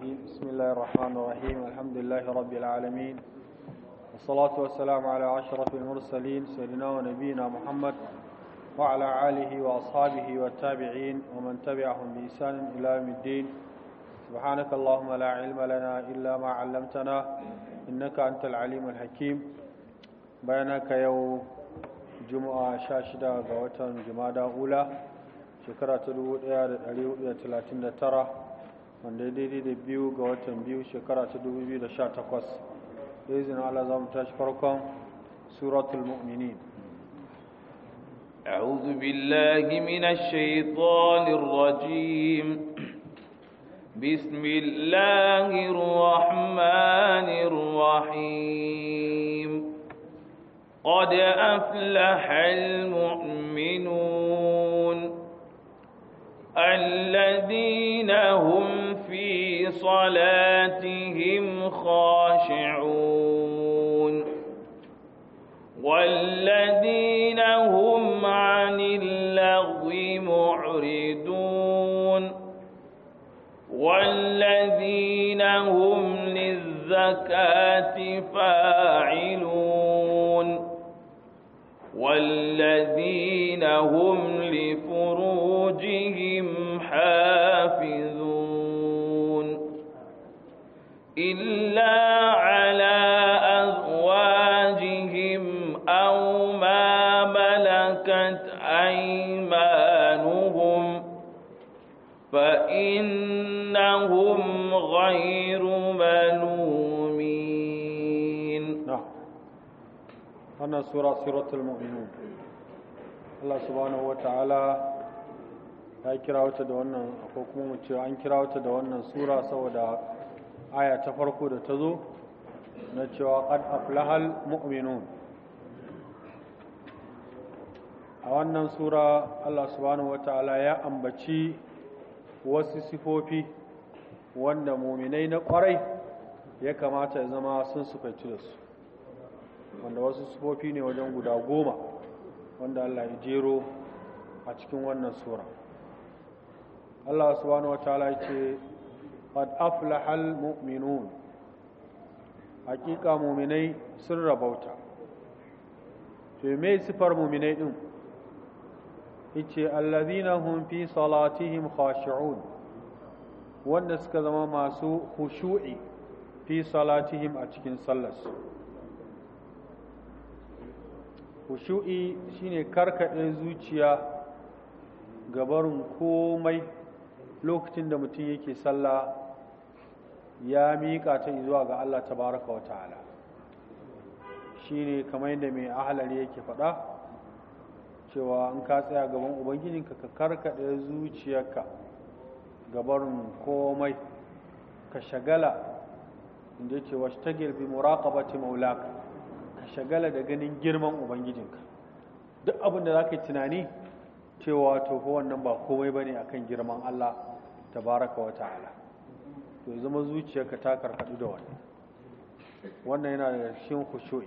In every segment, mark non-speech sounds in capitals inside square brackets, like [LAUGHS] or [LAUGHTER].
الرجيم بسم الله الرحمن الرحيم الحمد لله رب العالمين والصلاة والسلام على أشرف المرسلين سيدنا ونبينا محمد وعلى آله وأصحابه والتابعين ومن تبعهم بإحسان إلى يوم الدين سبحانك اللهم لا علم لنا إلا ما علمتنا إنك أنت العليم الحكيم بينك يوم جمعة شاشدة غوة جمادة أولى شكرا تدو 1939 wanda daidai da biyu ga watan biyu shekara ta 2018 da izinin Allah za mu tashi farkon suratul mu'minin أعوذ بالله من الشيطان الرجيم بسم الله الرحمن الرحيم قد أفلح المؤمنون الذين هم في صلاتهم خاشعون والذين هم عن اللغو معرضون والذين هم للزكاة فاعلون والذين هم لفروجهم حافظون إلا على أزواجهم أو ما ملكت أيمانهم فإنهم غير ملومين نعم أنا سورة سورة المؤمنون الله سبحانه وتعالى ya kira wata da wannan ko kuma mu ce an kira wata da wannan sura saboda aya ta farko da ta zo na cewa qad aflahal mu'minun a wannan sura Allah subhanahu wataala ya ambaci wasu sifofi wanda muminai na kwarai ya kamata ya zama sun sufaici da su wanda wasu sifofi ne wajen guda goma wanda Allah ya jero a cikin wannan sura Allah subhanahu wataala yace qad aflahal mu'minun hakika mu'minai sun rabauta to me sifar mu'minai din yace allazina hum fi salatihim khashi'un wanda suka zama masu khushu'i fi salatihim a cikin sallarsu khushu'i shine karkade zuciya gabarin komai lokacin da mutum yake sallah ya miƙa ta zuwa ga Allah ta tabaraka wa ta'ala shine kamar yadda mai ahalari yake faɗa cewa in ka tsaya gaban ubangijinka ka karkaɗe zuciyarka gabarin komai ka shagala inda yake muraƙa bi muraqabati maulaka ka shagala da ganin girman ubangijinka duk abin da zaka yi tunani cewa to fa wannan ba komai bane akan girman Allah tabaraka wa ta'ala to zama ka ta kadu da wannan wannan yana da shin kushoi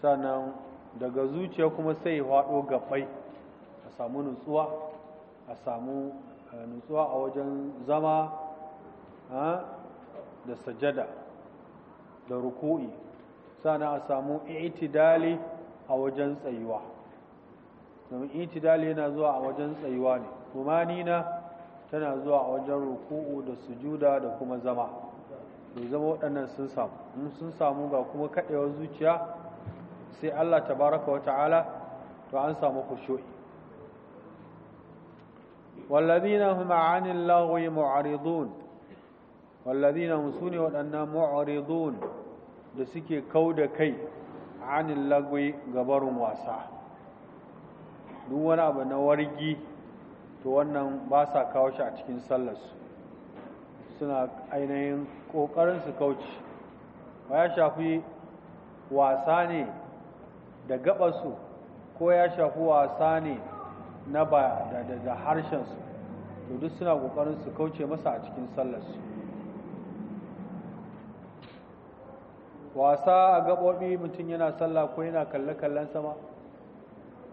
sannan daga zuciya kuma sai hwado gabbai a samu nutsuwa a samu eh, nutsuwa a wajen zama da sajada da ruku'i sannan a samu i'tidali a wajen tsayuwa domin itidali yana zuwa a wajen tsayuwa ne tumanina tana zuwa a wajen ruku'u da sujuda da kuma zama da zama waɗannan sun samu in sun samu ga kuma kaɗewar zuciya sai Allah tabaraka wa ta'ala to an samu kusho'i wallazina hum 'anil mu'ridun wallazina hum sune waɗannan mu'ridun da suke kauda kai 'anil lagwi gabarun wasa duk wani abu na wargi to wannan ba sa kawo shi a cikin sallarsu suna ainihin ƙoƙarin su kauce ba ya shafi wasa ne da gabasu ko ya shafi wasa ne na ba da harshensu to duk suna ƙoƙarin su kauce masa a cikin sallarsu wasa a gaɓoɓi mutum yana sallah ko yana kalle-kallen sama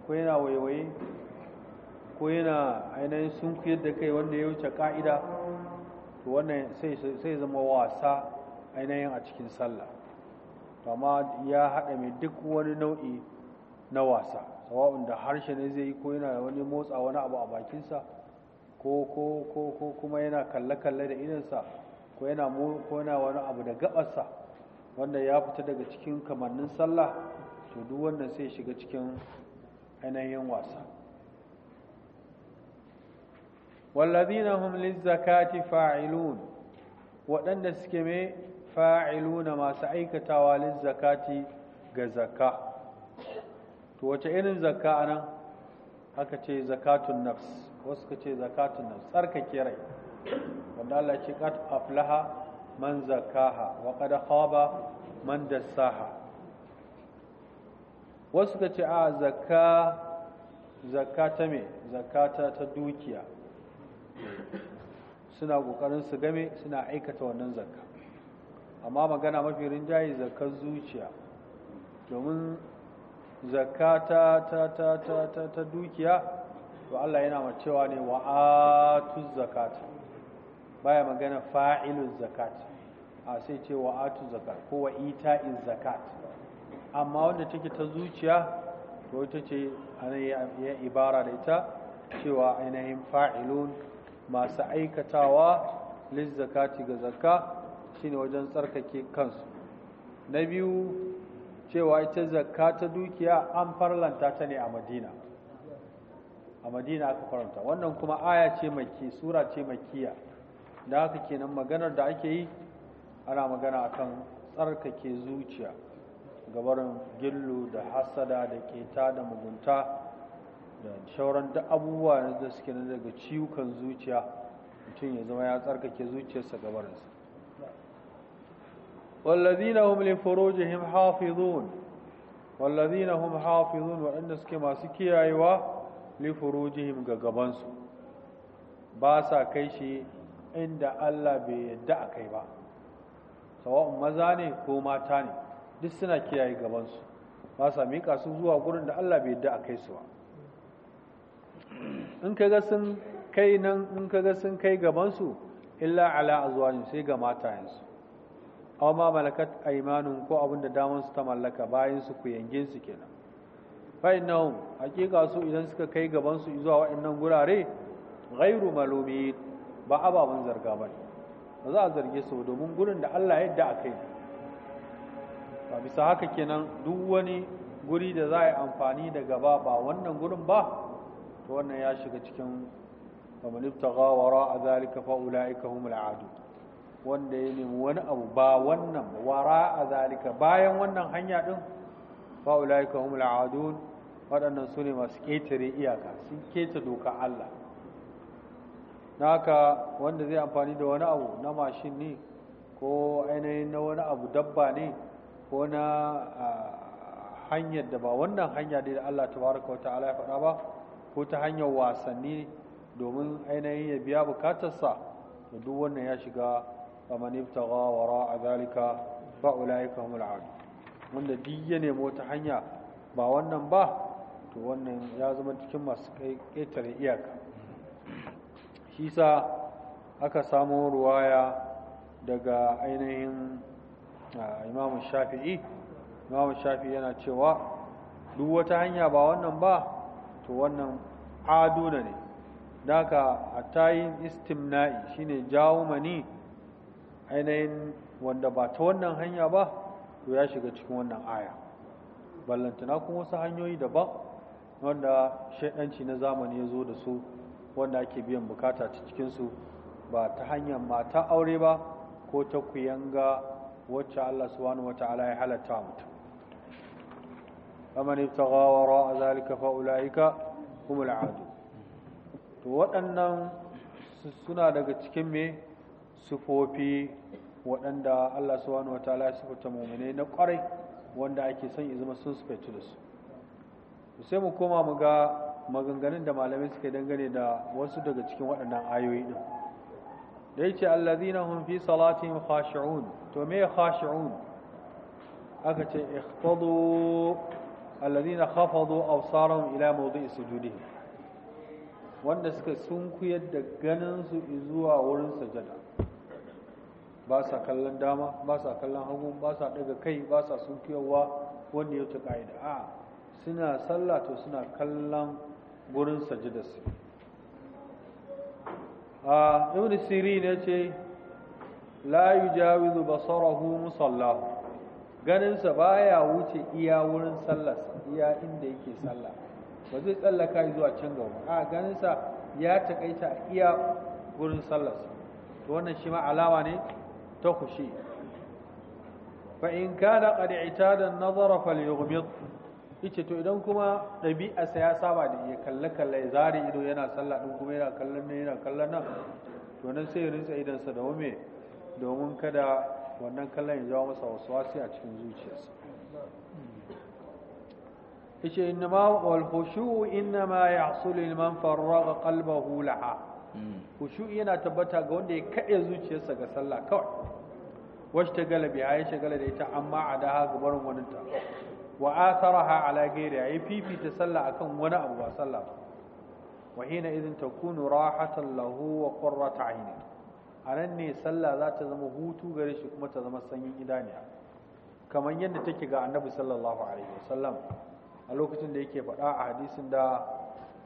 ko yana waiwaye ko yana ainihin sunkuyar da kai wanda ya wuce ka'ida to wannan sai zama wasa ainihin a cikin sallah amma ya haɗa mai duk wani nau'i na wasa sawa'un da harshe ne zai yi ko yana wani motsa wani abu a bakinsa ko kuma yana kalle-kalle da idansa ko yana ko yana wani abu da gabarsa wanda ya fita daga cikin kamannin sallah to duk wannan sai shiga cikin ainihin wasa wallazina hum lizzakati fa'ilun waɗanda suke mai fa'iluna masu aikatawa lizzakati ga zakka to wace irin zakka anan aka ce zakatun nafs wasu ka ce zakatun nafs tsarkake rai wanda Allah ce qad aflaha man zakaha wa qad khaba man dassaha wasu ka ce a zakka zakka ta me zakata ta dukiya suna ƙoƙarin su game suna aikata wannan zakka amma magana mafi rinjaye zakkar zuciya domin zaka ta ta ta ta ta ta dukiya to Allah yana ma cewa ne wa'atu zakat baya magana fa'ilu zakat a sai ce wa'atu zakat ko wa zakat amma wanda take ta zuciya to ita ce anan ya ibara da ita cewa ainihin fa'ilun masu aikatawa lizzakati ga zakka shine wajen tsarkake kansu na biyu cewa ita zakka ta dukiya an farlanta ta ne a madina a madina aka faranta wannan kuma aya ce maki sura ce makiya da haka kenan maganar da ake yi ana magana akan tsarkake zuciya gabarin Gillo da hasada da ke da mugunta da shauran da abubuwa da suke nan daga ciwukan zuciya mutum ya zama ya tsarkake zuciyarsa gabarinsa والذين هم لفروجهم حافظون والذين هم suke masu kiyayewa lifurujihim ga gabansu ba sa kai shi inda Allah bai yadda a kai ba sawa'un maza ne ko mata ne duk suna kiyaye gabansu ba sa miƙa su zuwa gurin da Allah bai yadda a kai su ba in kaga sun kai nan in ga sun kai gabansu illa ala azwajin sai ga yanzu aw ma malakat aymanun ko abin da daman su ta mallaka bayan su ku yange su kenan fa innahum haqiqa su idan suka kai gabansu zuwa waɗannan gurare ghairu malumin ba ababan zarga ba za a zarge su domin gurin da Allah ya yadda a kai ne ba bisa haka kenan duk wani guri da za a yi amfani da gaba ba wannan gurin ba to wannan ya shiga cikin faman gawara a zalika fa’ula ika humul wanda ya nemi wani abu ba wannan wara a zalika bayan wannan hanya ɗin fa’ula ika humul waɗannan su ne masu ƙetare iyaka sun keta doka Allah Na naka wanda zai amfani da wani abu na mashin ne ko ainihin na wani abu dabba ne ko na hanyar da ba wannan hanya da Allah tabaraka wa ta'ala ya faɗa ba ko ta hanyar wasanni domin ainihin ya biya bukatarsa to duk wannan ya shiga manifta ibtagha wara zalika ba ulayika humul aadu wanda duk ya nemo ta hanya ba wannan ba to wannan ya zama cikin masu ƙetare iyaka shi sa aka samo ruwaya daga ainihin imamu shafi'i imamu shafi'i yana cewa duk wata hanya ba wannan ba to wannan aduna ne daga a-tayin istimna'i shine jawo mani ainihin wanda ba ta wannan hanya ba to ya shiga cikin wannan aya ballantana kuma wasu hanyoyi daban wanda shaidanci na zamani ya zo da su wanda ake biyan bukata cikinsu ba ta hanyar mata aure ba ko ta kuyanga wacce Allah subhanahu wataala ya halatta mutum ta gawara a zalika fa kuma la’adu to waɗannan suna daga cikin mai sufofi waɗanda Allah subhanahu wataala ya sifata mu'minai na ƙwarai wanda ake son izuma zama sun sufaitu da su sai mu koma mu ga maganganun da malamai suka dangane da wasu daga cikin waɗannan ayoyi ɗin. da yace allazina hum fi salatihim khashi'un to me khashi'un aka ce ikhfadu allazina khafadu absarahum ila mawdi'i sujudihim wanda suka sunkuyar da ganin su zuwa wurin sajada ba sa kallon dama ba sa kallon hagu ba sa daga kai ba sa sunkuyarwa wanda ya ta ka'ida a suna sallah to suna kallon gurin sajidarsu a ibn sirin yace ce la yujawizu basarahu musallahu ganinsa baya wuce iya wurin sallarsa iya inda yake salla ba zai tsallaka zuwa can gaba a sa ya takaita iya wurin sallarsa to wannan shi ma alawa ne ta kushi fa in kana qad i'tada an-nazara falyughmid yace to idan kuma ɗabi'arsa ya saba da ya kalle kalle ya zare ido yana sallah ɗin kuma yana kallon nan yana kallon nan to nan sai ya rinsa idansa da wame domin kada wannan kallon ya jawo masa waswasi a cikin zuciyarsa yace inna ma wal khushu inna ma yahsul liman farraga qalbahu laha hmm. khushu yana tabbata ga wanda ya kade zuciyarsa ga sallah kawai washta galabi ya shagala da ita amma a daha haka wani ta wa atharaha ala ghairi ya fifita sallah akan wani abu ba salla ba wa hina idin takunu rahatan lahu wa qurrat ayni anan ne sallah za ta zama hutu gare shi kuma ta zama sanyin idaniya kamar yadda take ga annabi sallallahu alaihi wasallam a lokacin da yake faɗa a hadisin da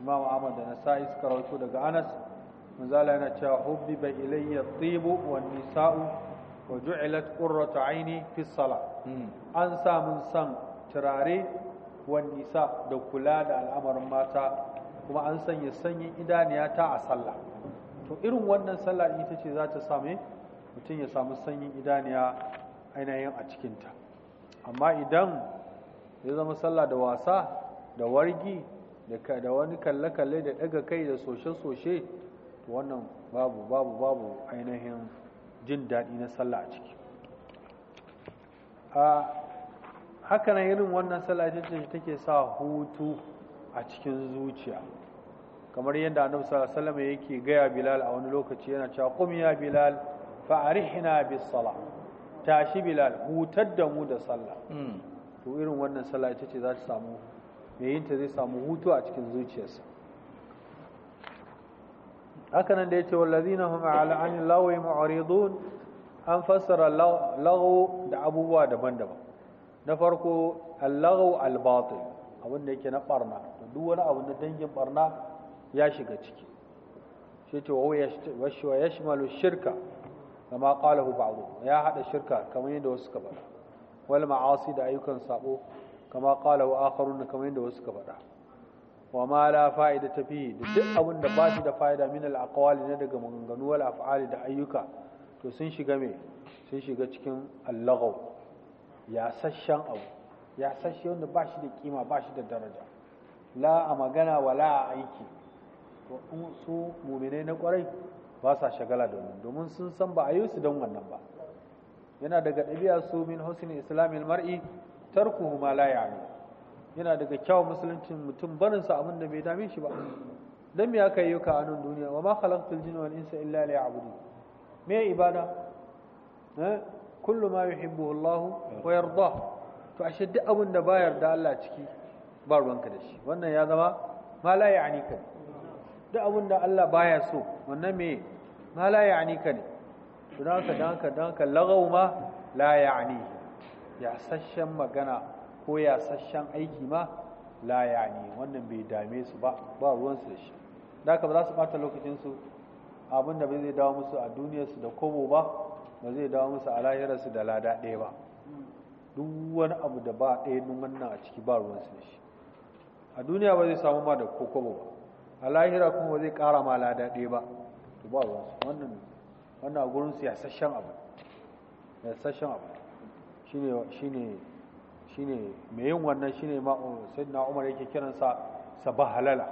imam ahmad da nasa'i suka rawaito daga anas manzala yana cewa hubbiba ilayya tibu wan nisa'u wa ju'ilat qurratu aini fi salah hmm. an sa san turare wa nisa da kula da al'amarin mata kuma an sanya sanyin idaniya ta a sallah to irin wannan sallah ita ce za ta same mutum ya samu sanyin idaniya ainihin a cikinta amma idan ya zama sallah da wasa da wargi da wani kalle-kalle da daga kai da soshe-soshe to wannan babu babu babu ainihin jin daɗi na sallah a ciki hakanan irin wannan sallah ce take sa hutu a cikin zuciya kamar yadda annabi sallallahu alaihi wasallam yake gaya bilal a wani lokaci yana cewa qum ya bilal arihna bis tashi bilal hutar da mu da sallah hmm. to irin wannan sallah ita ce za ta samu zai samu hutu a cikin zuciyarsa hakanan da yace wallazina hum ala an lawi mu'ridun an fassara lagu da abubuwa daban-daban na farko allahu albatil abin da yake na barna duk wani abu da dangin barna ya shiga ciki shi ce wa yashmalu shirka kama qalahu ba'd ya haɗa shirka kamar yadda wasu ka faɗa wal ma'asi da ayyukan sabo kama qalahu akharun kamar yadda wasu ka faɗa wa ma la fa'ida ta fi duk abin da ba shi da fa'ida min al aqwali ne daga maganganu wal af'ali da ayyuka to sun shiga me sun shiga cikin al ya sashen abu ya wanda ba shi da kima ba shi da daraja la a magana wa la a aiki to in su muminai na kwarai ba sa shagala da domin sun san ba a yi su don wannan ba yana daga ɗabi'a su min husni islamil mar'i tarku ma la ya ya'ni yana daga kyawun musuluncin mutum barin sa abin da bai dame shi ba dan me aka yi ka a nan duniya wa ma khalaqtul jinna wal insa illa liya'budun me ibada eh kullu ma yuhibbu Allah wa yarda to ashe duk abin da bayar da Allah ciki ba ruwanka da shi wannan ya zama ma la ya'ni ka duk abin da Allah baya so wannan me ma la ya'ni ka ne dan ka dan ka dan ka lagaw ma la ya'ni ya sashen magana ko ya sashen aiki ma la ya'ni wannan bai dame su ba ba ruwansu da shi da ka ba za su bata lokacinsu abin da bai zai dawo musu a duniyarsu da kobo ba ba zai dawo musu a lahirarsu da lada ɗaya ba duk wani abu da ba ɗaya numan nan a ciki ba ruwansu da shi a duniya ba zai samu ma da kokobo ba a lahira kuma ba zai ƙara ma lada ɗaya ba to ba ruwansu wannan wannan a gurinsu yasasshen abu yasasshen abu shine shine shine mai yin wannan shine ma oh, sayyidina Umar yake kiransa sabahalala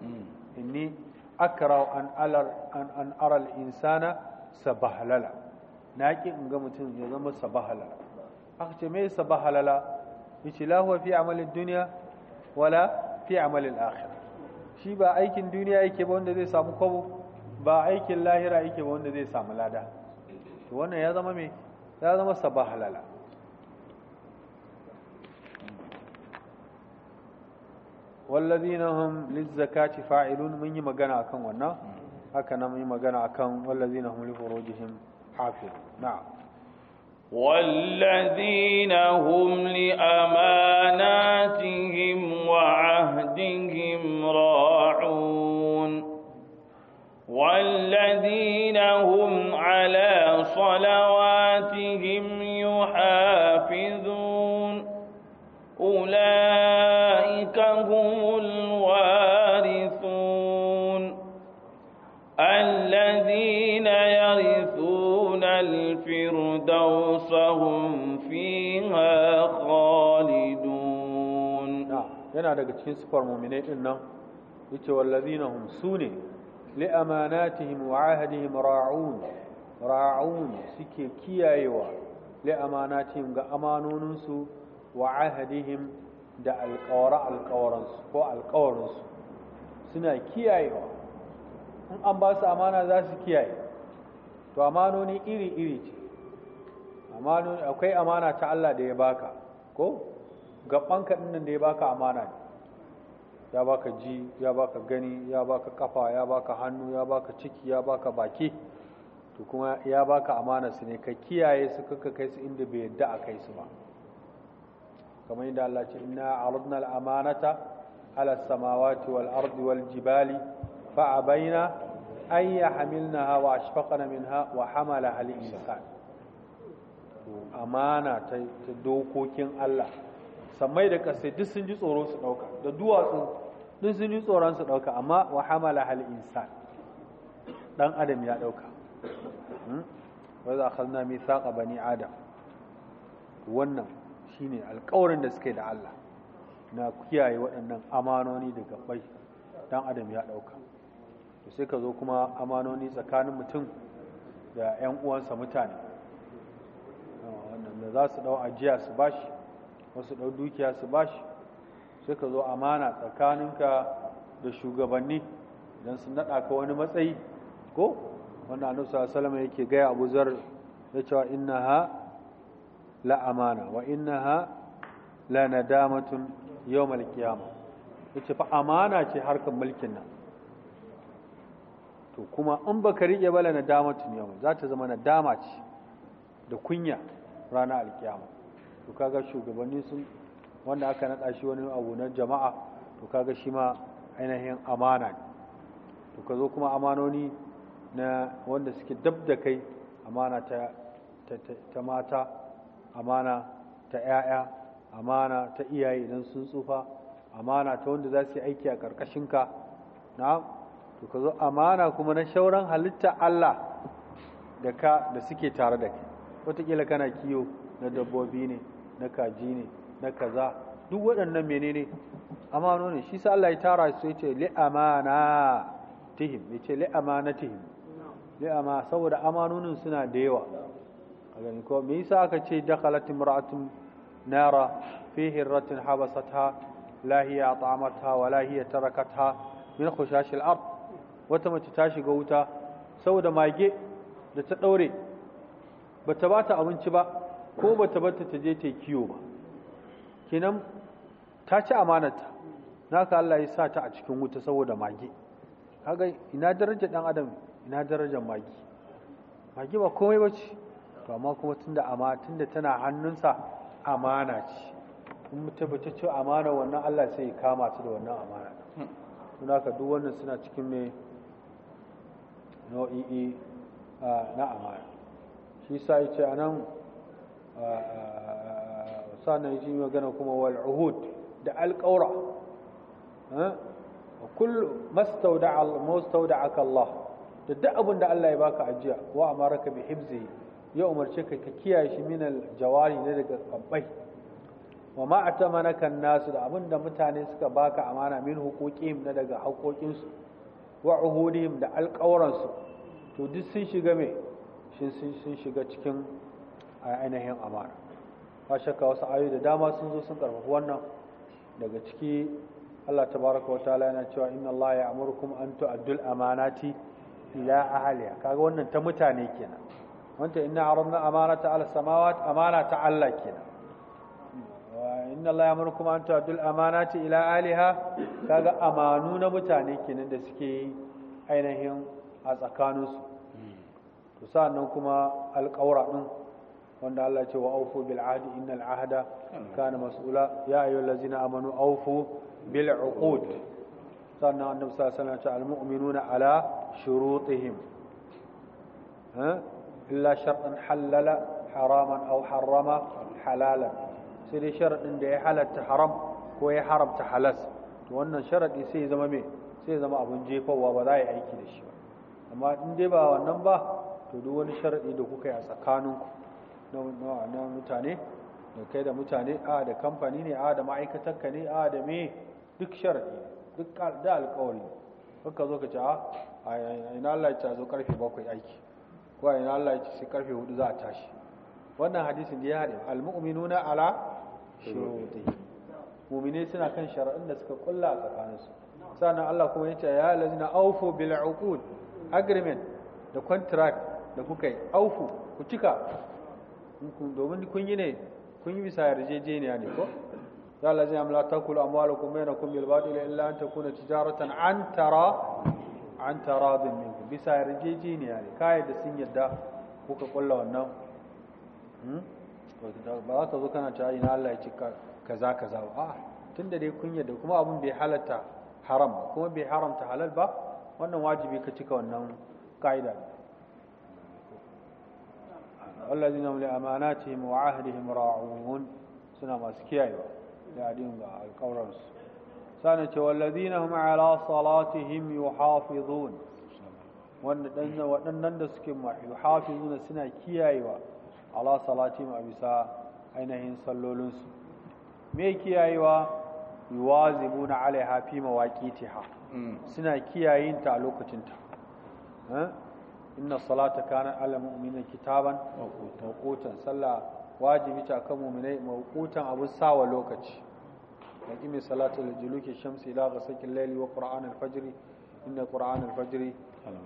hmm. inni akra an alar an an ara al insana sabahalala na ki in ga mutum ya zama sabahalala aka ce mai sabahalala yace la huwa fi amalin duniya wala fi amalin akhirah shi ba aikin duniya yake ba wanda zai samu kwabo ba aikin lahira yake ba wanda zai samu lada to wannan ya zama me ya zama sabahalala والذين هم للزكاة فاعلون من يمغنا أكن ونا أكن من يمغنا أكن والذين هم لفروجهم حافظ نعم والذين هم لأماناتهم وعهدهم راعون والذين هم على صلواتهم يحافظون الفردوس هم فيها خالدون نعم yana daga cikin sifar muminai din nan yace wallazina hum sune li amanatihim wa ahdihim ra'un ra'un suke kiyayewa li amanatihim ga amanonin su wa ahdihim da alqawra alqawran su ko alqawran su suna kiyayewa in an ba su amana za su kiyaye to amanoni iri iri ce amanu akwai amana ta Allah da ya baka ko gabanka dinnan da ya baka amana ne ya baka ji ya baka gani ya baka kafa ya baka hannu ya baka ciki ya baka baki to kuma ya baka amana su ne ka kiyaye su kuka kai su inda bai yadda a kai su ba kamar yadda Allah ce inna aradna al-amanata ala samawati wal ardi wal jibali fa abaina an yahmilnaha wa ashfaqna minha wa hamala al-insan amana ta dokokin Allah samai da ƙasa duk sun ji tsoro su ɗauka da duwatsu duk sun ji tsoron su ɗauka amma wa hamala hal insan ɗan adam ya ɗauka hmm? wa za saƙa mithaqa bani adam wannan shine alƙawarin da suke da Allah na kiyaye waɗannan amanoni daga bai dan adam ya ɗauka to sai ka zo kuma amanoni tsakanin mutum da 'yan uwansa mutane da za su ɗau ajiya su bashi wasu ɗau dukiya su bashi sai ka zo amana tsakaninka da shugabanni don sun naɗa ka wani matsayi ko wanda annabi salama yake gaya abu zar ya cewa ha la amana wa ha la nadamatun yawmal ya ce fa amana ce harkar mulkin nan to kuma in baka riƙe ba la nadamatun yau za ta zama nadama ce da kunya ranar alkiyama to kaga shugabanni sun wanda aka nada shi wani abu na jama'a to kaga shi ma ainihin amana ne to ka zo kuma amanoni na wanda suke dab da kai amana ta, mata amana ta 'ya'ya amana ta iyaye idan sun tsufa amana ta wanda za su yi aiki a ƙarƙashinka na to ka zo amana kuma na shauran halitta Allah da ka da suke tare da kai wataƙila kana kiyo na dabbobi ne na kaji ne na kaza duk waɗannan menene amano ne shi sa Allah ya tara su ya ce li amana tihim ya ce li amana tihim li ama saboda amanonin suna da yawa a ko me yasa aka ce dakhalat imra'atun nara fi hirratin habasatha la hiya at'amatha wa la hiya tarakatha min khushash ard wata mace ta shiga wuta saboda mage da ta daure bata ba ta abinci ba ko bata bata ta je ta yi kiyo ba kenan ta ci amanarta naka Allah ya sa ta a cikin wuta saboda mage kaga ina daraja dan adam ina darajar mage mage ba komai ba ce to amma kuma tunda ama tunda tana hannunsa amana ce in mutum ta ci amana wannan Allah sai ya kama ta da wannan amana don haka duk wannan suna cikin me nau'i'i eh, na amana isa ya ce a nan sannan yi magana kuma uhud da alƙaura Allah da duk abin da Allah ya baka ajiya wa amaraka bi hibzi ya umarce ka ka kiyaye shi min jawari ne daga kambai wa ma atamanaka nasu da abin da mutane suka baka amana min huquqihim na daga haƙoƙinsu wa uhudihim da alƙawransu to duk sun shiga mai shi sun shiga cikin ainihin amara ba shakka wasu ayoyi da dama sun zo sun karfafi wannan daga ciki Allah ta baraka wa ala yana cewa inna Allah ya kuma an tu'addul amanati ila ahliha kaga wannan ta mutane kenan wanda inna aradna amanata ala samawat amana ta Allah kenan inna Allah ya kuma an tu'addul amanati ila ahliha kaga amanu na mutane kenan da suke ainihin a tsakaninsu to sa'annan kuma alƙawra din wanda Allah ce wa aufu bil ahdi innal ahda kana mas'ula ya ayyuhallazina amanu aufu bil uqud sannan annabi sallallahu alaihi wasallam ya ce al mu'minuna ala shurutihim ha eh? illa shartan halala haraman aw harrama halalan sai dai sharadin da ya halatta haram ko ya haramta halas to wannan sharadi sai zama me sai zama abun jefawa ba za a yi aiki da shi ba amma in dai ba wannan ba to duk wani sharadi da kuka yi a tsakaninku na mutane da kai da mutane a da kamfani ne a da ka ne a da me duk sharadi duk da alƙawari kuka zo ka ce ah, a ina Allah ya zo karfe bakwai aiki ko a ina Allah ya ce sai karfe hudu za a tashi wannan hadisin da ya haɗe almu'minuna ala shurutihi mu'mine suna kan shari'un da suka kulla a tsakaninsu sannan Allah kuma ya ce ya lazina aufu bil uqud agreement da contract da kuka yi aufu ku cika domin kun yi ne kun yi bisa yarjejeniya ne ko ya Allah zai amla kuma yana kuma yalba ila illa an ta kuna tijaratan an tara an taradin minkum bisa yarjejeniya ne kai da sun yadda kuka kulla wannan hmm? ba za ka zo kana ta ina Allah ya ci kaza kaza ba a da dai kun yadda kuma abun bai halatta haram kuma bai haramta halal ba wannan wajibi ka cika wannan ka'ida والذين هم لأماناتهم وعهدهم راعون سنة مسكية لأدين القورنس سنة والذين هم على صلاتهم يحافظون waɗannan da suke yuhafi zuna suna kiyayewa ala salati a bisa ainihin sallolinsu me kiyayewa yuwazibu na alaiha fi mawaƙi tiha suna kiyayinta a lokacinta inna salata kana ala mu'minin kitaban mawqutan sallah wajibi ta kan mu'minai mawqutan abu sawa lokaci dan kimi salatu juluki shamsi ila ghasaqi layli wa qur'an al-fajr inna qur'an al-fajr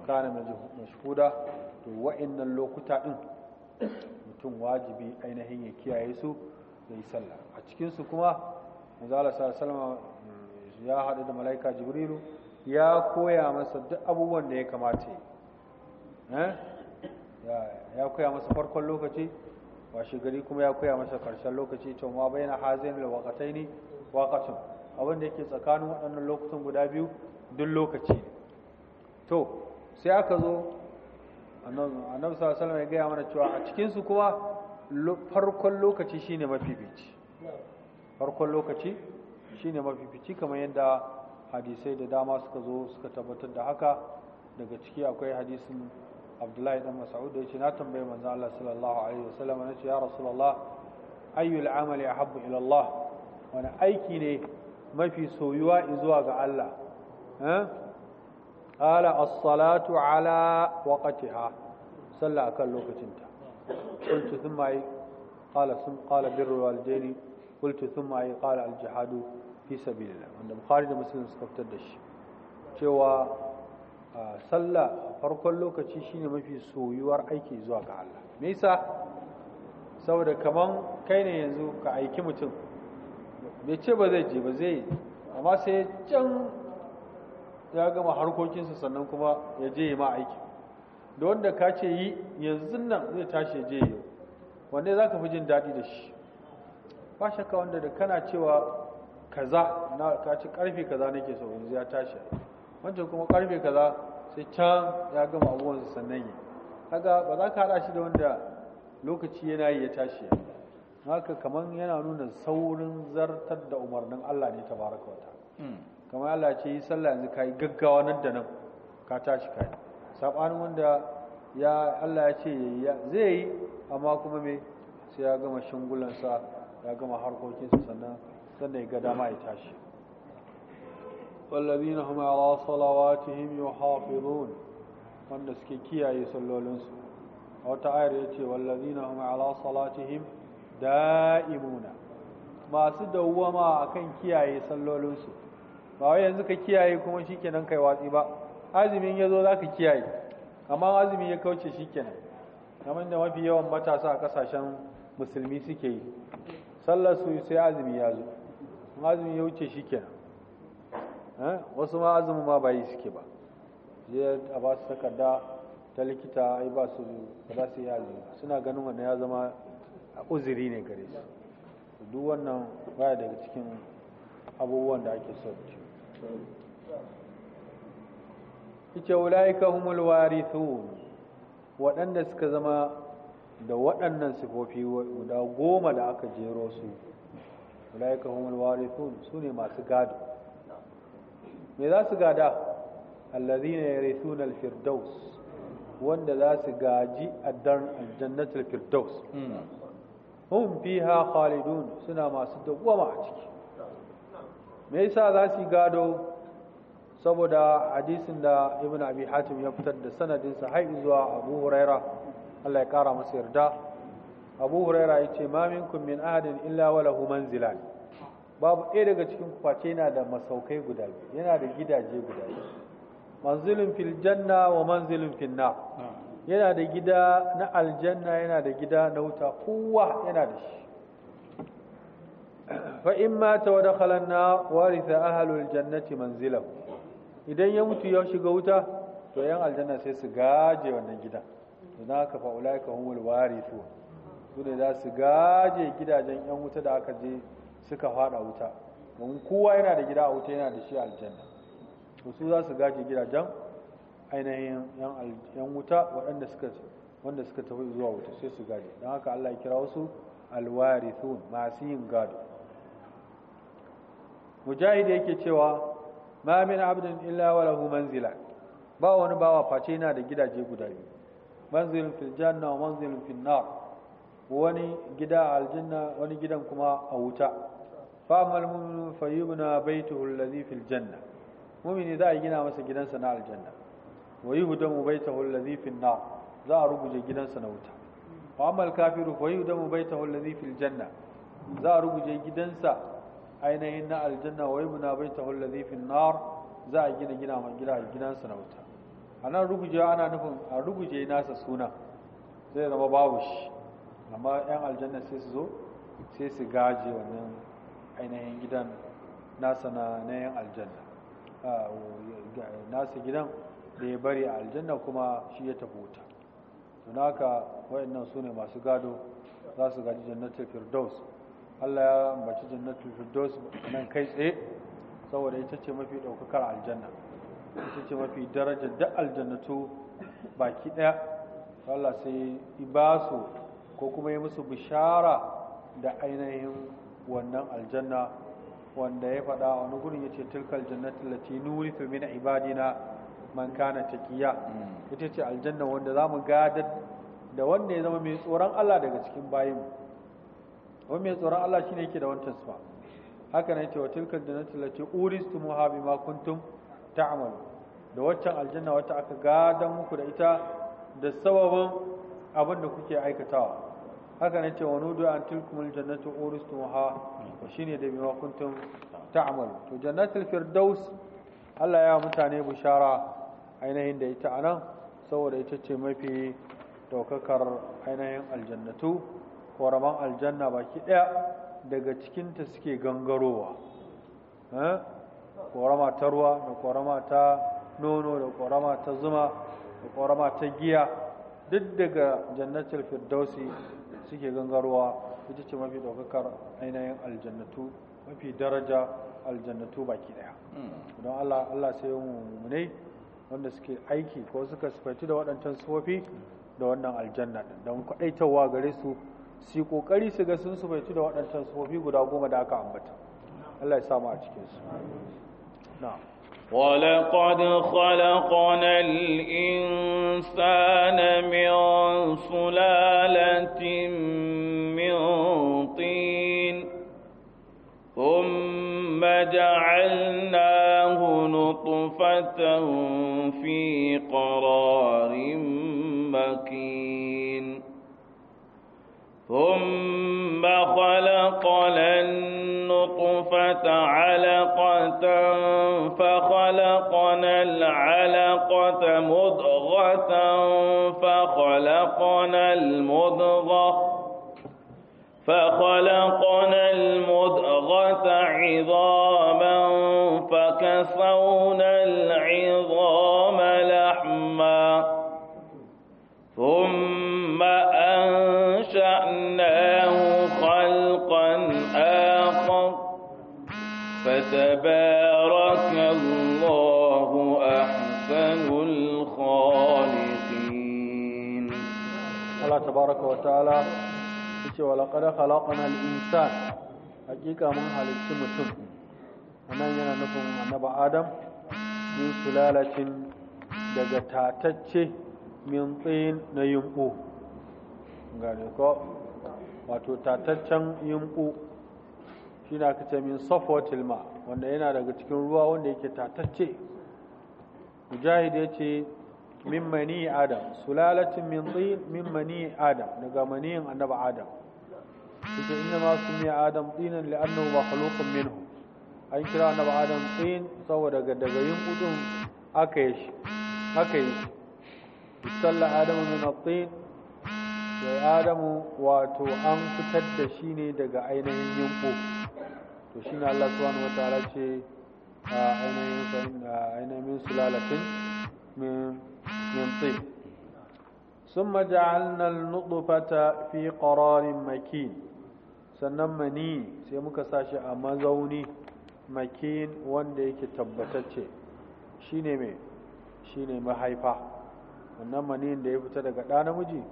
kana mashhuda to wa'annan lokuta din mutum wajibi ainihin ya kiyaye su da yi sallah a cikin su kuma manzala sallallahu ya da malaika jibrilu ya koya masa duk abubuwan da ya kamata yi Eh? ya koya masa farkon lokaci washe gari kuma ya koya masa karshen lokaci to ma na hazin da wakatai ne wakatun abin da yake tsakanin waɗannan lokutan guda biyu duk lokaci to sai aka zo annabi nan alaihi ya gaya mana cewa a cikinsu kuma farkon lokaci shine mafifici farkon lokaci shine mafifici kamar yadda hadisai da dama suka zo suka tabbatar da haka daga ciki akwai hadisin abdullahi dan mas'ud yace na tambaye manzo Allah sallallahu alaihi wasallam na ce ya rasulullah ayyul amali a ila Allah wani aiki ne mafi soyuwa zuwa ga Allah eh qala as-salatu ala waqtiha salla akan lokacinta qultu thumma ay qala thumma qala birru walidayni qultu thumma ay qala al-jihadu fi sabilillah wanda bukhari da muslim suka fitar da shi cewa sallah farkon lokaci shine mafi soyuwar aiki zuwa ga Allah me yasa saboda kaman kai ne yanzu ka aiki mutum me ce ba zai je ba zai amma sai can ya gama harkokinsa sannan kuma ya je ya ma aiki da wanda ka ce yi yanzu nan zai tashi ya je yau wanda za ka fi jin daɗi da shi ba shakka wanda da kana cewa kaza na ka ci ƙarfe kaza nake so yanzu ya tashi wancan kuma karfe kaza sai can ya gama abubuwan sannan yi kaga ba za ka haɗa shi da wanda lokaci yana yi ya tashi haka kamar yana nuna saurin zartar da umarnin Allah ne ta baraka wata hmm. kamar Allah ce yi sallah yanzu ka yi gaggawa nan da nan ka tashi ka yi saɓanin wanda ya Allah ya ce zai yi amma kuma me sai ya gama shingulansa ya gama harkokinsa sannan sannan ya ga dama ya tashi والذين هم على صلواتهم يحافظون wanda suke kiyaye sallolinsu a wata ayar ya ce wallazina hum ala salatihim da'imuna masu dawwama akan kiyaye sallolinsu ba wai yanzu ka kiyaye kuma shi shikenan kai watsi ba azumin ya zo za ka kiyaye amma azumin ya kauce shi kenan. kamar da mafi yawan matasa a kasashen musulmi suke yi sallar su sai azumi ya zo azumi ya wuce kenan. wasu ma azumin ma ba yi suke ba je a ba su takarda ta likita ai ba su ba su yi suna ganin wanda ya zama uzuri ne gare su duk wannan baya daga cikin abubuwan da ake so ita ulaika humul warithun waɗanda suka zama da waɗannan sifofi guda goma da aka jero su ulaika humul warithun ne masu gado me za su gada ya yarithuna al-firdaus wanda za su gaji aljannatul firdaus hmm. hum fiha khalidun suna masu dawwama a ciki me yasa za su gado saboda hadisin da ibn abi hatim ya fitar da sanadin sa har zuwa abu huraira Allah ya kara masa yarda abu huraira yace ma minkum min ahadin illa wa lahu manzilan babu ɗaya daga cikin kwace yana da masaukai guda biyu yana da gidaje guda biyu manzilin fil wa manzilin fil yana da gida na aljanna yana da gida na wuta kowa yana da shi fa in mata wa dakhala na warisa jannati manzilahu idan ya mutu ya shiga wuta to yan aljanna sai su gaje wannan gida. don haka fa ulaika humul warithun su ne za su gaje gidajen yan wuta da aka je suka fada wuta domin kowa yana da gida a wuta yana da shi aljanna to su za su gaje gidajen ainihin yan wuta waɗanda suka wanda suka tafi zuwa wuta sai su gaje don haka Allah ya kira wasu alwarithun masu yin gado mujahid yake cewa ma min abdin illa wa lahu manzila ba wani bawa face yana da gidaje guda biyu manzilin fil janna wa manzilin fil nar wani gida aljanna wani gidan kuma a wuta فأما المؤمن فيبنى بيته الذي في الجنة مؤمن إذا يجينا مسا جدن سنا الجنة ويهدم بيته الذي في النار ذا رجل جدن سنا وتا وأما الكافر فيهدم بيته الذي في الجنة ذا رجل جدن سا أينهن الجنة ويبنى بيته الذي في النار ذا جنا جنا من جنا جدن سنا وتا أنا رجل أنا نفهم رجل ناس سونا zai zama babu shi amma 'yan aljanna sai su zo sai su gaje wannan ainihin gidan nasa na nayan aljanna nasa gidan da ya bari a aljanna kuma shi ya tafi wuta don waɗannan sune masu gado za su gaji jannatul firdaus Allah ya baci jannatul firdaus nan kai tsaye saboda ita ce mafi ɗaukakar aljanna ita ce mafi daraja da aljannatu baki ɗaya Allah sai ba ko kuma yi musu bishara da ainihin wannan aljanna wanda ya faɗa a wani ya ce tilkal jannatu lati fi mina ibadina man kana taqiya mm. ita ce aljanna wanda zamu gadar da wanda ya zama mai tsoron Allah daga cikin bayin wani mai tsoron Allah shi ne yake da wancan sifa haka na ce wa tilkal uri lati uristumuha bima kuntum ta'amal da waccan aljanna wata aka gadan muku da ita da sababin abin da kuke aikatawa haka na ce wani du'a tilkumul jannatu uristumuha ko shine da bima kuntum ta'mal to jannatul firdaus Allah ya mutane bushara ainihin da ita anan saboda ita ce mafi daukakar ainihin aljannatu ko raman aljanna baki daya daga cikin ta suke gangarowa eh? korama ta ruwa da korama ta nono da korama ta zuma da korama ta giya duk daga jannatul firdausi suke gangarwa ita ce mafi ɗaukakar ainihin aljannatu mafi daraja aljannatu baki ɗaya hmm. don allah allah sai mummunai wanda suke aiki ko suka sifaiti da waɗancan sufofi da wannan aljanna don kwaɗaitawa gare su su ƙoƙari su ga sun sifaiti da waɗancan sufofi guda goma da aka ambata allah ya samu a cikinsu na'am ولقد خلقنا الإنسان من سلالة نطفة في قرار مكين ثم خلق النطفة علقة فخلقنا العلقة مضغة فخلقنا المضغة فخلقنا المضغة عظام فألفونا العظام لحما ثم أنشأناه خلقا آخر فتبارك الله أحسن الخالقين الله تبارك وتعالى ولقد خلقنا الإنسان حقيقة من هل الشمسون nan yana nufin annaba adam min sulalacin daga tatacce min tsayin na yumɓu gane ko wato tataccen yumɓu shi na kace min safotil ma wanda yana daga cikin ruwa wanda yake tatacce mujahid ya ce min mani adam sulalacin min tsayin min mani adam daga maniyin annaba adam ita inda masu mai adam tsinan wa halukun minhu an kira na ba'adan tsin saboda daga yin kudin aka yi shi aka yi shi salla adamu min tsin da adamu wato an fitar da shi ne daga ainihin yimbo to shi ne Allah subhanahu wata ce a ainihin fa'in ainihin sulalatin min min tsin ثم جعلنا النطفة fi قرار makin sannan mani sai muka sashi a mazauni makin wanda yake tabbatacce shine mai shine mahaifa wannan manin da ya fita daga ɗa namiji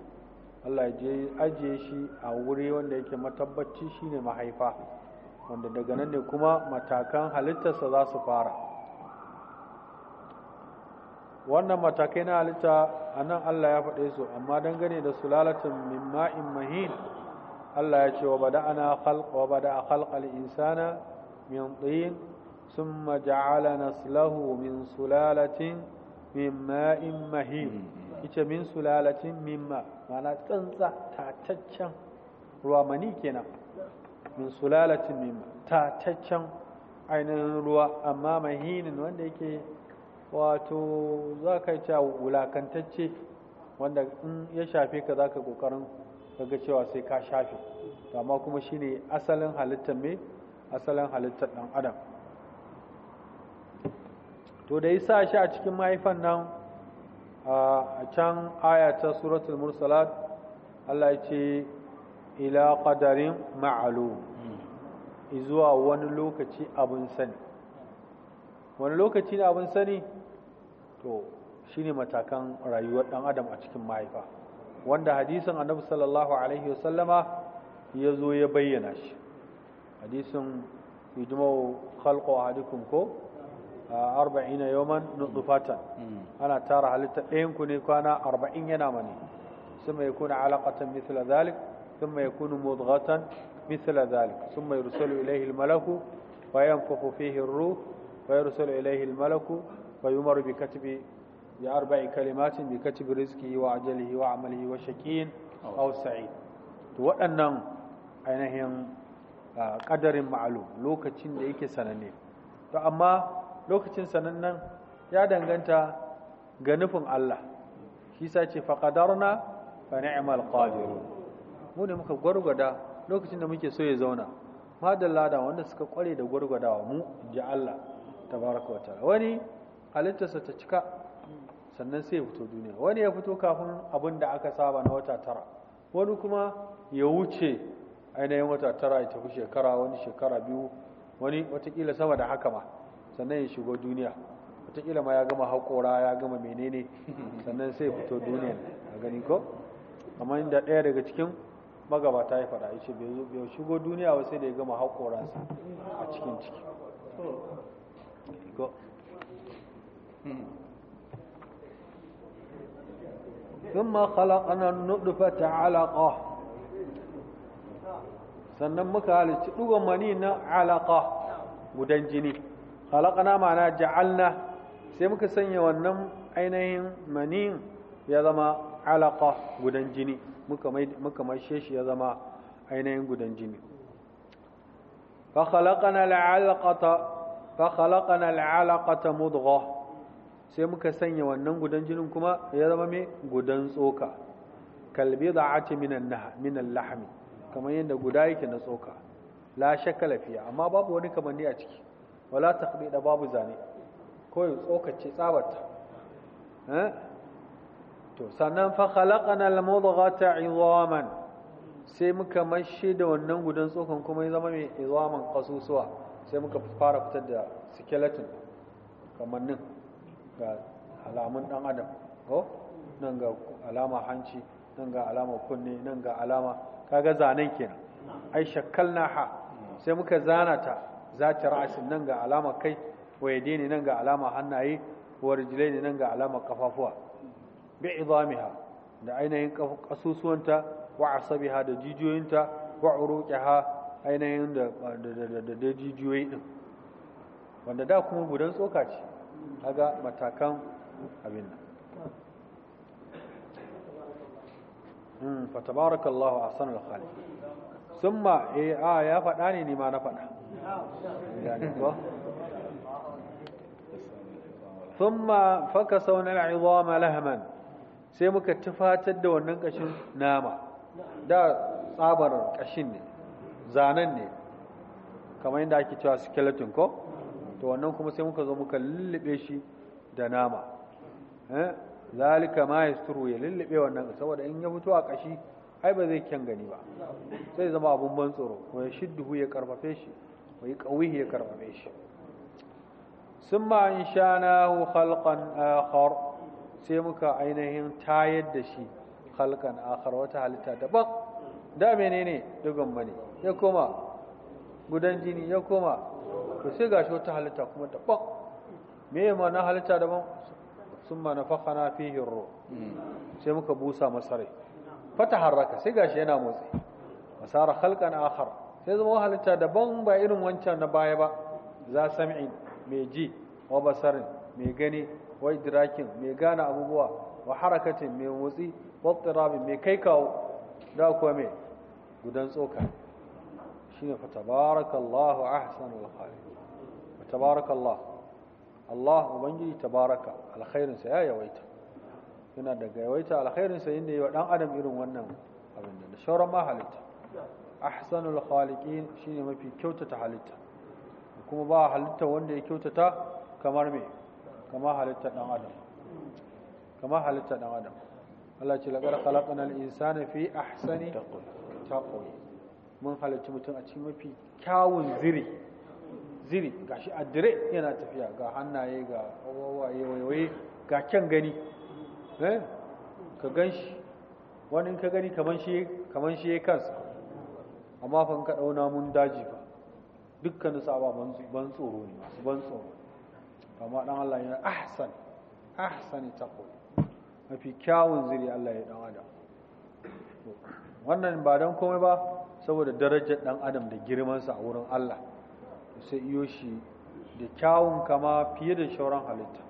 Allah ya ajiye shi a wuri wanda yake matabbaci shine mahaifa wanda daga nan ne kuma matakan halittarsa za su fara wannan matakai na halitta a nan Allah ya faɗe su amma dangane da sulalatin min mahin Allah ya ce wa bada a khalq na? من طين ثم جعل نسله من سلالة من ماء مهين ita min sulalatin mimma mana tsantsa tataccen ruwa mani kenan min sulalatin mimma tataccen ainihin ruwa amma mahinin wanda yake wato za ka ta wulakantacce wanda in ya shafe ka za ka ƙoƙarin daga cewa sai ka shafe amma kuma shine asalin halittar mai asalin halittar ɗan adam to da yasa shi a cikin mahaifan nan a can aya ta suratul mursalat Allah ya ce ila qadarin ma'lum zuwa wani lokaci abin sani wani lokaci ne abin sani to shine matakan rayuwar ɗan adam a cikin mahaifa wanda hadisin annabi sallallahu alaihi wasallama ya zo ya bayyana shi حديث يجمع خلق أحدكم كو آه، أربعين يوما نطفة أنا ترى هل تأينكم كان أربعين ينامني ثم يكون علاقة مثل ذلك ثم يكون مضغة مثل ذلك ثم يرسل إليه الملك وينفخ فيه الروح ويرسل إليه الملك ويمر بكتب بأربع كلمات بكتب رزقه وعجله وعمله وشكين أو سعيد وأنهم ainihin ƙadarin ma'alu lokacin da yake sananne to amma lokacin sanannen ya danganta ga nufin Allah shi sa ce qadarna fa ni'mal qadirun mu ne muka gwargwada lokacin da muke so ya zauna madalla da wanda suka kware da gwargwadawa mu ji Allah tabaraka wa ta'ala wani halittarsa ta cika sannan sai ya fito duniya wani ya fito kafin abin da aka saba na wata tara wani kuma ya wuce ainihin wata tara ya tafi shekara wani shekara biyu wani watakila sama da haka ma sannan ya shigo duniya watakila ma ya gama haƙora ya gama menene sannan sai fito duniya a gani ko amma inda ɗaya daga cikin magabata ya fara ce bai shigo duniya ba sai da ya gama haƙoransa a cikin ciki ثم خلقنا النطفة علقة sannan muka halicci ɗugon mani na alaƙa gudan jini na mana ja'alna sai muka sanya wannan ainihin mani ya zama alaƙa gudan jini muka maishe shi ya zama ainihin gudan jini fa khalaqana al'alaƙata mudgha sai muka sanya wannan gudan jinin kuma ya zama mai gudan tsoka kalbi da'ati minan lahmi kamar yadda guda yake na tsoka la shakka lafiya amma babu wani kamanni a ciki wala taqbida babu zane kawai tsokace tsabarta eh? to sannan fa khalaqana al-mudghata 'idhaman sai muka mashi da wannan gudan tsokan kuma ya zama mai izaman kasusuwa sai muka fara fitar da skeleton kamannin ga alamun dan adam ko nan ga alama hanci nan ga alama kunne nan ga alama kaga zanen kenan ai Naha sai muka zana ta ta ra'asin nan ga alama kai wa ne nan ga alama hannaye wa rijlaini nan ga alama kafafuwa bi idamiha da ainihin kasusuwanta wa asabiha da jijiyoyinta wa uruqiha ainihin da da jijiyoyi din wanda da kuma gudan tsoka ce kaga matakan abin nan Hmm, eh, a sanar فتبارك الله أحسن الخالق ثم إيه آه يا فداني لما نفدا يعني ثم فكسونا العظام لهما sai muka tufatar da wannan ƙashin nama da tsabar ƙashin ne zanen ne kamar yadda ake cewa skeleton ko to wannan kuma sai muka zo muka lullube shi da nama eh? zalika ma yasturu ya lullube wannan saboda in ya fito a kashi ai ba zai kyan gani ba sai zama abun ban tsoro ya shidduhu ya karfafe shi ko ya qawihi ya karfafe shi summa inshanahu khalqan akhar sai muka ainihin tayar da shi khalqan akhar wata halitta daban da menene dugan bane ya koma gudan jini ya koma to sai gashi wata halitta kuma daban me ma na halitta daban summa nafakhana fihi ruh hmm. sai muka busa masa rai haraka sai gashi yana motsi masara halkan akhar sai zama halitta daban ba irin wancan na baya ba za sam'i mai ji wa basarin mai gani wa idrakin mai gane abubuwa wa harakatin mai motsi wa tsirabin mai kai kawo da kuwa mai gudan tsoka shine fa tabarakallahu ahsanul khaliq tabarakallahu Allah ubangiji tabaraka alkhairinsa ya yawaita yana da yawaita alkhairinsa inda yawa dan adam irin wannan abin da shauran ma halitta ahsanul khaliqin shine mafi kyautata halitta kuma ba halitta wanda ya kyautata kamar me kamar halitta dan adam kamar halitta dan adam Allah ce laqad khalaqnal insana fi ahsani taqwim mun halicci mutum a cikin mafi kyawun ziri ziri gashi addire yana tafiya ga hannaye ga wawaye waiwaye ga kyan gani eh, ka gan shi wani ka gani kaman shi ya kansa amma fa ka dauna mun daji ba dukkan su ba ban tsoro ne masu ban tsoro amma ɗan Allah yana ahsan ahsani taqwa mafi kyawun ziri Allah ya dan adam wannan ba don komai ba saboda darajar ɗan adam da girmansa a wurin Allah sai iyo shi da kyawun kama fiye da shauran halitta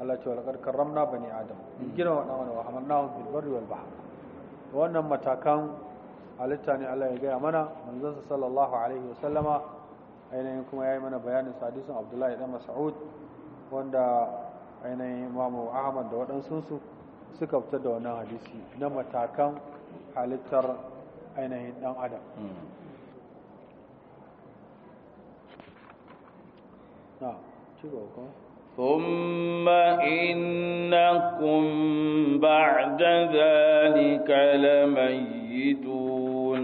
Allah ce wa karramna bani adam in gina wa ɗan wa hamalnahum fil barri wal bahr wannan matakan halitta ne Allah ya gaya mana manzon sallallahu alaihi wa sallama ainihin kuma yayi mana bayanin hadisin Abdullahi dan Mas'ud wanda ainihin Imam Ahmad da waɗansu suka fitar da wannan hadisi na matakan halittar ainihin ɗan adam hmm. ثم إنكم بعد ذلك لميتون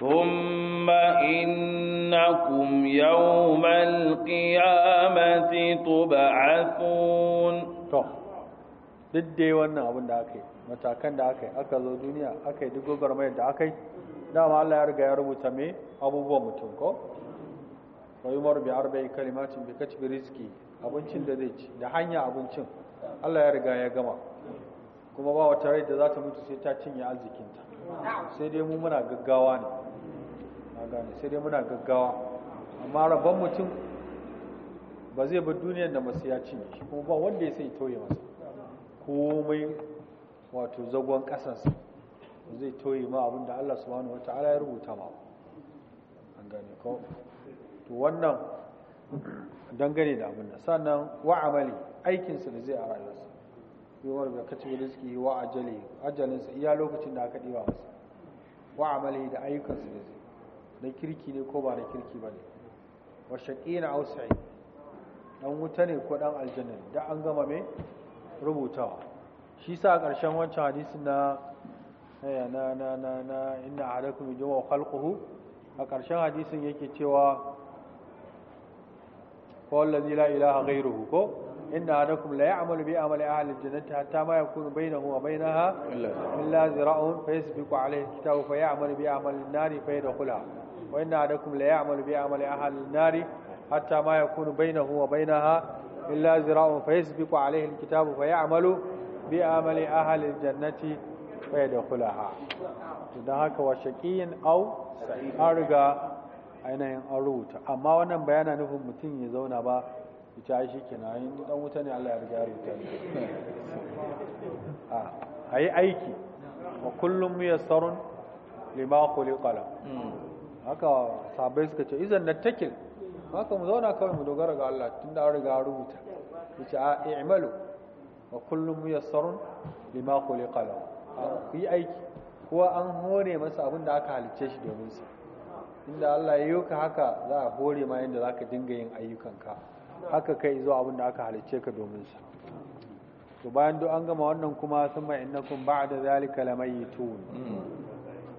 ثم إنكم يوم القيامة تبعثون duk dai wannan abin da aka yi matakan da aka yi aka zo duniya aka yi duk gobar mai da aka dama Allah ya rubuta me abubuwan mutum ko wa yumar bi arba'i kalimatin bi kasbi rizqi abincin da zai ci da hanya abincin Allah ya riga ya gama kuma ba wata rai da za ta mutu sai ta cinye arzikinta sai dai mu muna gaggawa ne na gane sai dai muna gaggawa amma rabon mutum ba zai bar duniyar da masu ya cinye shi kuma ba wanda ya sai toye masa komai wato zagon kasansa zai toye ma abinda Allah subhanahu wataala ya rubuta ma an gane ko to wannan dangane da abin da sannan wa amali aikinsa da zai a rayuwarsa yawar da kacin rizki wa ajali ajalinsa iya lokacin da aka ɗiba masa wa amali da ayyukansa da na kirki ne ko ba na kirki ba ne wa shaƙi na ausai Ɗan wuta ne ko ɗan aljanin? da an gama mai rubutawa shi sa a ƙarshen wancan hadisin na eh, na na na na inna ahadakum yawma a ƙarshen hadisin yake cewa wallazi la ilaha ghairuhu ko inna anakum la ya'malu bi amali ahli jannati hatta ma yakunu bainahu wa bainaha illa zira'un fayasbiqu alayhi kitabu fayamalu bi amali an-nari fayadkhula wa inna anakum la ya'malu bi amali ahli an-nari hatta ma yakunu bainahu wa bainaha illa zira'un fayasbiqu alayhi alkitabu fayamalu bi amali ahli aljannati fayadkhulaha dan haka wa shaqiyin aw sa'id arga ainihin an rubuta amma wannan bayana nufin mutum ya zauna ba ita shi kenan yin dan wuta ne Allah ya riga ya rubuta [LAUGHS] a yi aiki wa kullum muyassarun lima kuli kala haka sabai suka ce izan nattakil haka mu zauna kawai mu dogara ga Allah tun da an riga rubuta ita a i'malu wa kullum muyassarun lima kuli kala ku yi aiki kuwa an hore masa abin da aka halicce shi domin sa inda Allah ya yi ka haka za a hore ma yadda za ka dinga yin ayyukanka haka kai zuwa abin da aka halicce ka domin sa to bayan duk an gama wannan kuma sun ma ba da zalika tun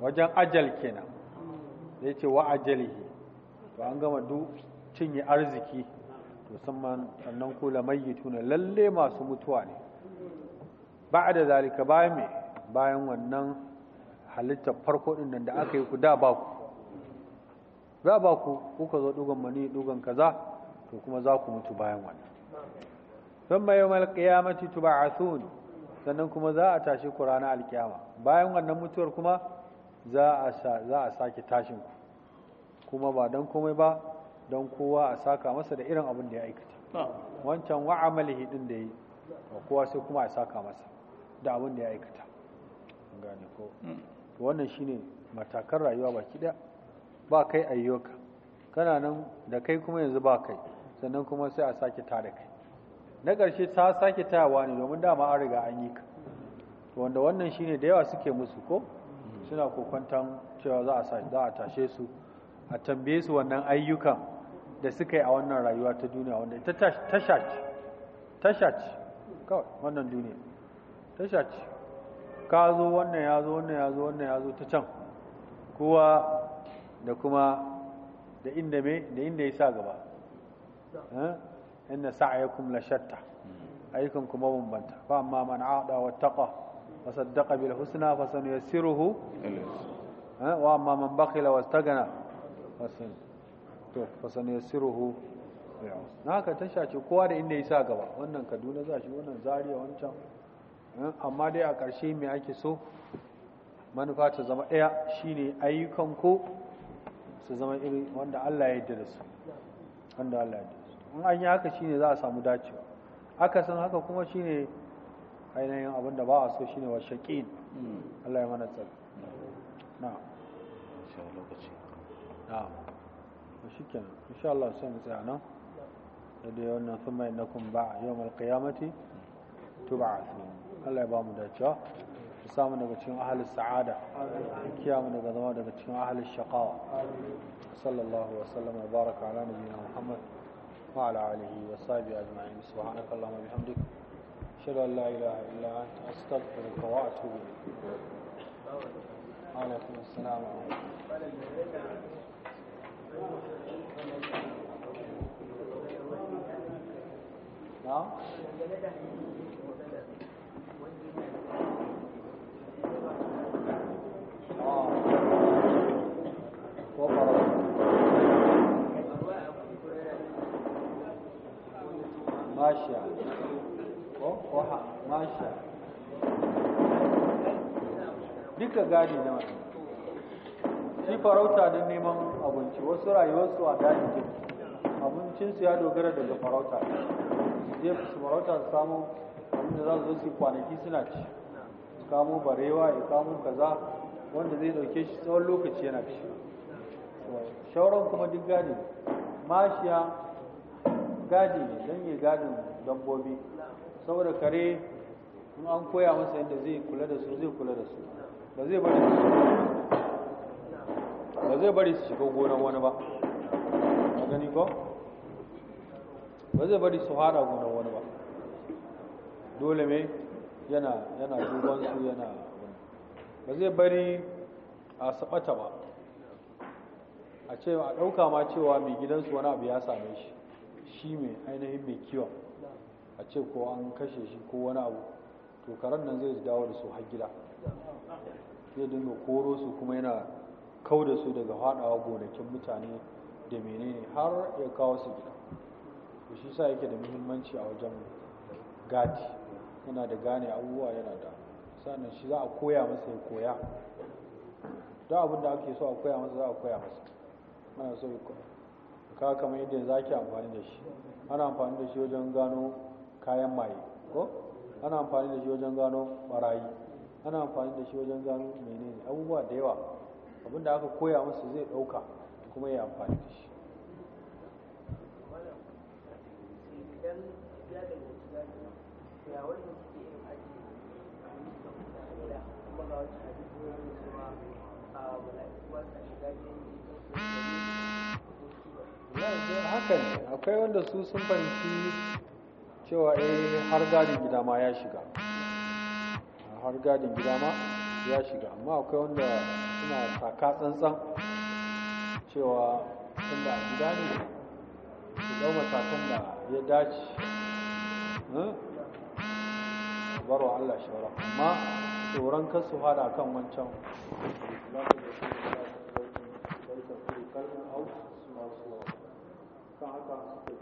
wajen ajal kenan da ce wa ajalihi to an gama duk cinye arziki to sun ma sannan ku tun lalle masu mutuwa ne da zalika bayan me bayan wannan halittar farko din da aka yi ku da ba ku za ba ku kuka zo dugan mani dugan kaza to kuma za ku mutu bayan wannan yau yawmal qiyamati tub'athun sannan kuma za a tashi ku ranar alkiyama bayan wannan mutuwar kuma za a za a sake tashin ku kuma ba dan komai ba dan kowa a saka masa da irin abin da ya aikata wancan wa amalihi din da yi kowa sai kuma a saka masa da abin da ya aikata gane ko mm. wannan shine matakan rayuwa baki daya ba kai ayyuka kana nan da kai kuma yanzu ba kai sannan kuma sai a sake ta da kai na ƙarshe ta sake tayawa ne domin dama an riga an yi ka wanda wannan shi ne da yawa suke musu ko suna kokwantan cewa za a tashe su a tambaye su wannan ayyukan da suka yi a wannan rayuwa ta duniya wanda ita tasha ce tasha ce kawai wannan duniya tasha ce ka zo wannan ya zo wannan ya zo wannan ya zo ta can kowa da kuma da inda me da inda ya sa gaba eh? inna ya la shatta ayyukan kuma bambanta fa amma man aada wa taqa wa saddaqa bil husna fa sanuyassiruhu eh? wa amma man bakhila wa stagana fa san to fa sanuyassiruhu haka ta ce kowa da inda ya sa gaba wannan Kaduna za shi wannan Zaria wancan eh? amma dai a ƙarshe mai ake so manufa ta zama ɗaya shine ayyukan ko su zama iri wanda Allah ya yarda da su wanda Allah ya yarda su in an yi haka shine za a samu dacewa san haka kuma shine ainihin abin da ba a so shine wa shaqin Allah ya mana tsar na'am insha shi kenan, na'am to shikenan insha Allah sai mu tsaya nan da wannan ba yau ba'a yawmal tuba tub'athun Allah ya ba mu dacewa تسامن بتشيم أهل السعادة كيام نقدمان بتشيم أهل الشقاء صلى الله وسلم وبارك على نبينا محمد وعلى آله وصحبه أجمعين سبحانك اللهم وبحمدك أشهد أن لا إله إلا أنت أستغفرك وأتوب إليك وعليكم السلام ورحمة الله نعم masha duka gadi na wani shi farauta don neman abinci wasu rayuwarsu a daji ke abincinsu ya dogara daga farauta je su farauta su samu abinda za su zo su kwanaki suna ci kamo barewa ya kamo kaza wanda zai dauke shi tsawon lokaci yana kashe shauran kuma duk gadi mashiya gadi ne don yi gadin dabbobi saboda kare kuma an koya masa yadda zai kula da su zai kula da su ba zai bari su ba zai bari su shiga gonar wani ba a gani ko ba zai bari su hada gonar wani ba dole mai yana yana duban su yana ba zai bari a sabata ba a ce a ɗauka ma cewa mai gidansu wani abu ya same shi shi mai ainihin mai kiwon a ce ko an kashe shi ko wani abu to karen nan zai dawo da su har gida zai dinga koro su kuma yana kau da su daga haɗawa gonakin mutane da menene har ya kawo su gida to shi sa yake da muhimmanci a wajen gati yana da gane abubuwa yana da sannan shi za a koya masa ya koya don abin da ake so a koya masa za a koya masa ana so ka kamar yadda za ki amfani da shi ana amfani da shi wajen gano kayan maye ko ana amfani da shi wajen gano barayi ana amfani da shi wajen gano menene abubuwa da yawa abin da aka koya masa zai ɗauka kuma ya amfani da shi hakan akwai wanda su sun fahimci cewa eh, har gadin gida ma ya shiga har gadin gida ma ya shiga amma akwai wanda suna taka tsantsan cewa tunda a gida ne su dau matakan da ya dace hmm? wa Allah shawara amma tsoron kasu hada kan wancan kan